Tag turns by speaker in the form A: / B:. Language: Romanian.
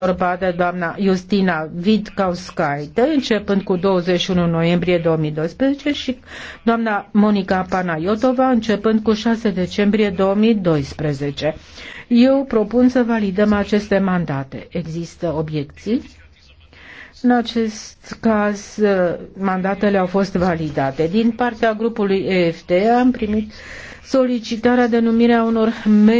A: vorba de doamna Justina Vidkauskaite, începând cu 21 noiembrie 2012 și doamna Monica Panayotova, începând cu 6 decembrie 2012. Eu propun să validăm aceste mandate. Există obiecții? În acest caz, uh, mandatele au fost validate. Din partea grupului EFT am primit solicitarea de
B: numire a unor